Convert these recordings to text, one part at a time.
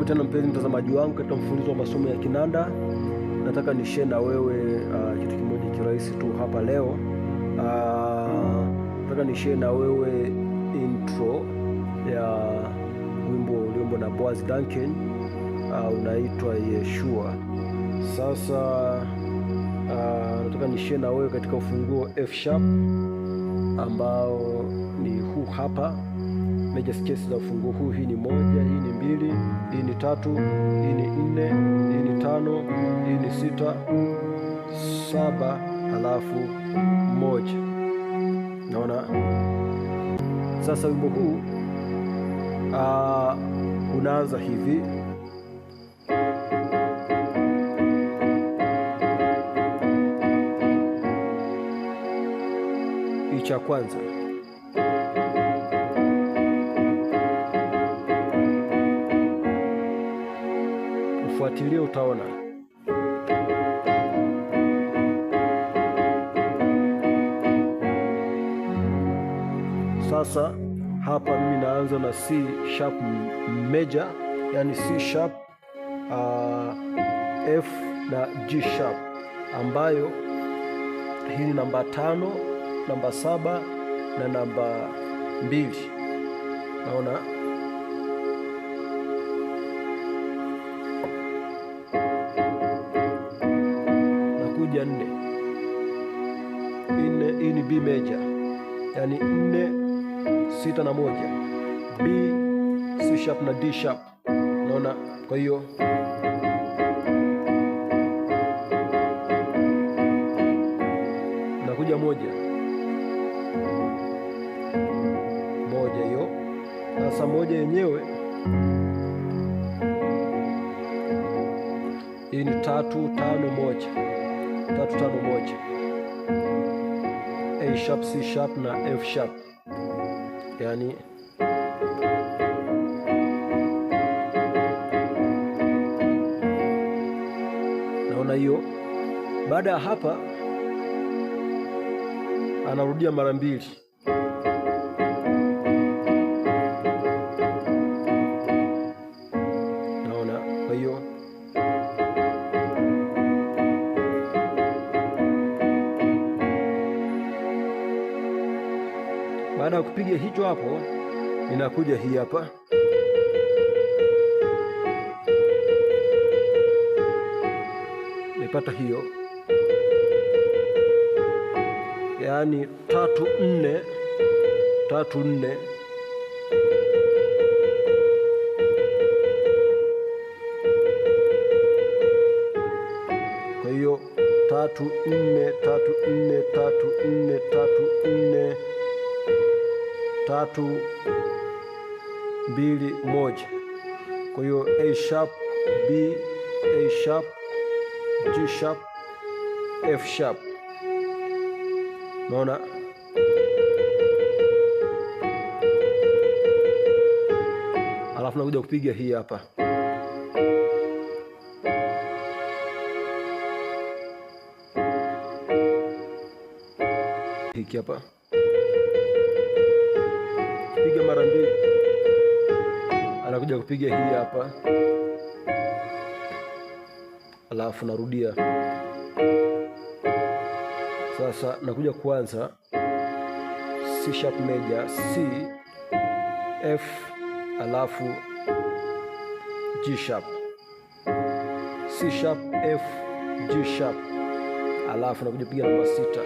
Karibu tena mpenzi mtazamaji wangu katika mfululizo wa masomo ya kinanda. Nataka share na wewe uh, kitu kimoja kirahisi tu hapa leo. Uh, nataka share na wewe intro ya wimbo uliombo na Boaz Duncan uh, unaitwa Yeshua. Sasa uh, nataka share na wewe katika ufunguo F sharp ambao ni huu hapa major scales za ufunguo huu. Hii ni moja, hii ni mbili, hii ni tatu, hii ni nne, hii ni tano, hii ni sita, saba, halafu moja. Naona sasa wimbo huu uh, unaanza hivi cha kwanza ukifuatilia utaona. Sasa hapa mimi naanza na C sharp major, yani C sharp uh, F na G sharp, ambayo hii ni namba tano, namba saba na namba mbili. Naona moja nne nne. Hii ni B meja, yani nne sita na moja, B C sharp na D sharp. Naona, kwa hiyo nakuja moja moja, hiyo sasa moja yenyewe hii ni tatu tano moja tatu tano moja A sharp, C sharp na F sharp, yani naona hiyo. Baada ya hapa anarudia mara mbili. Baada ya kupiga hicho hapo, inakuja hii hapa nipata hiyo, yaani tatu nne, tatu nne tatu nne tatu nne tatu nne tatu nne tatu mbili moja. Kwa hiyo A sharp, B, A sharp, G sharp, F sharp. Naona alafu nakuja kupiga hii hapa hiki hapa kupiga mara mbili, anakuja kupiga hii hapa, alafu narudia. Sasa nakuja kwanza C sharp major, C F, alafu G sharp, C sharp, F, G sharp, alafu nakuja kupiga namba sita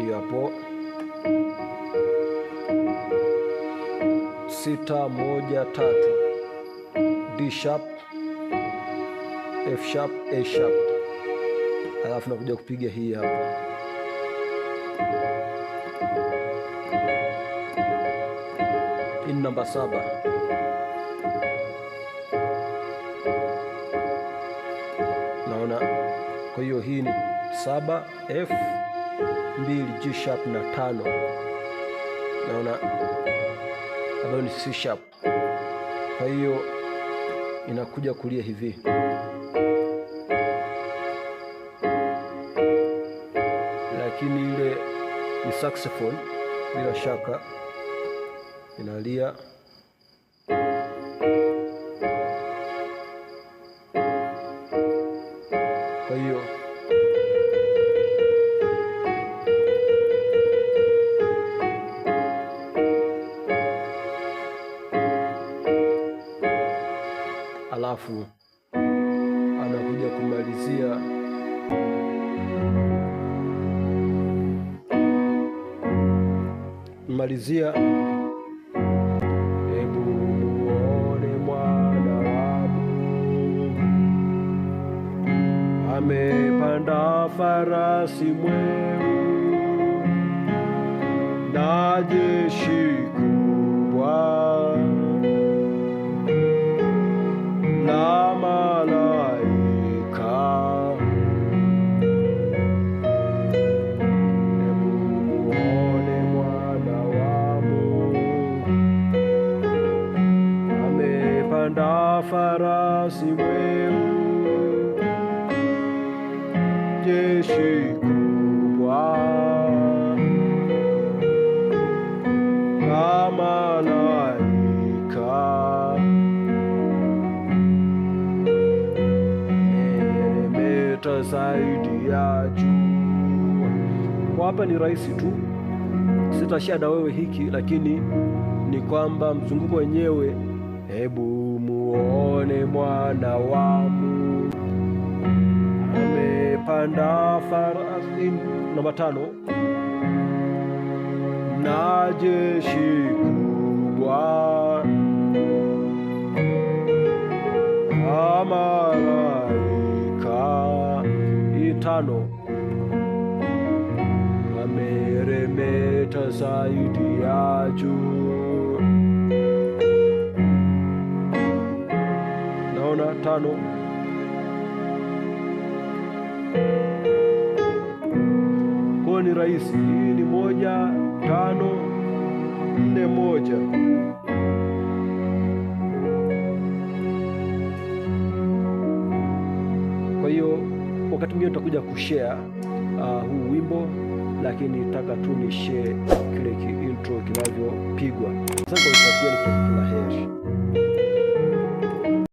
hiyo hapo. sita moja tatu D sharp F sharp A sharp, alafu nakuja kupiga hii hapa ini namba saba naona. Kwa hiyo hii ni saba F mbili G sharp na tano naona ambayo ni C sharp. Kwa hiyo inakuja kulia hivi lakini ile ni saxophone bila shaka inalia alafu anakuja kumalizia malizia hebu mwana wa amepanda farasi mweu na jeshi farasi mweu, jeshi kubwa kama malaika meremeta zaidi ya jua. Kwa hapa ni rahisi tu, sitashia na wewe hiki, lakini ni kwamba mzunguko wenyewe hebu tuone mwana wa Mungu amepanda farasi. Namba tano, na jeshi kubwa kama malaika. Tano, ameremeta zaidi ya juu tano kwa ni rahisi. Hii ni moja tano nne moja kwa hiyo wakati mwingine tutakuja kushare uh, huu wimbo lakini nataka tu ni share kile ki intro kinavyopigwa. Sasa kwa heri.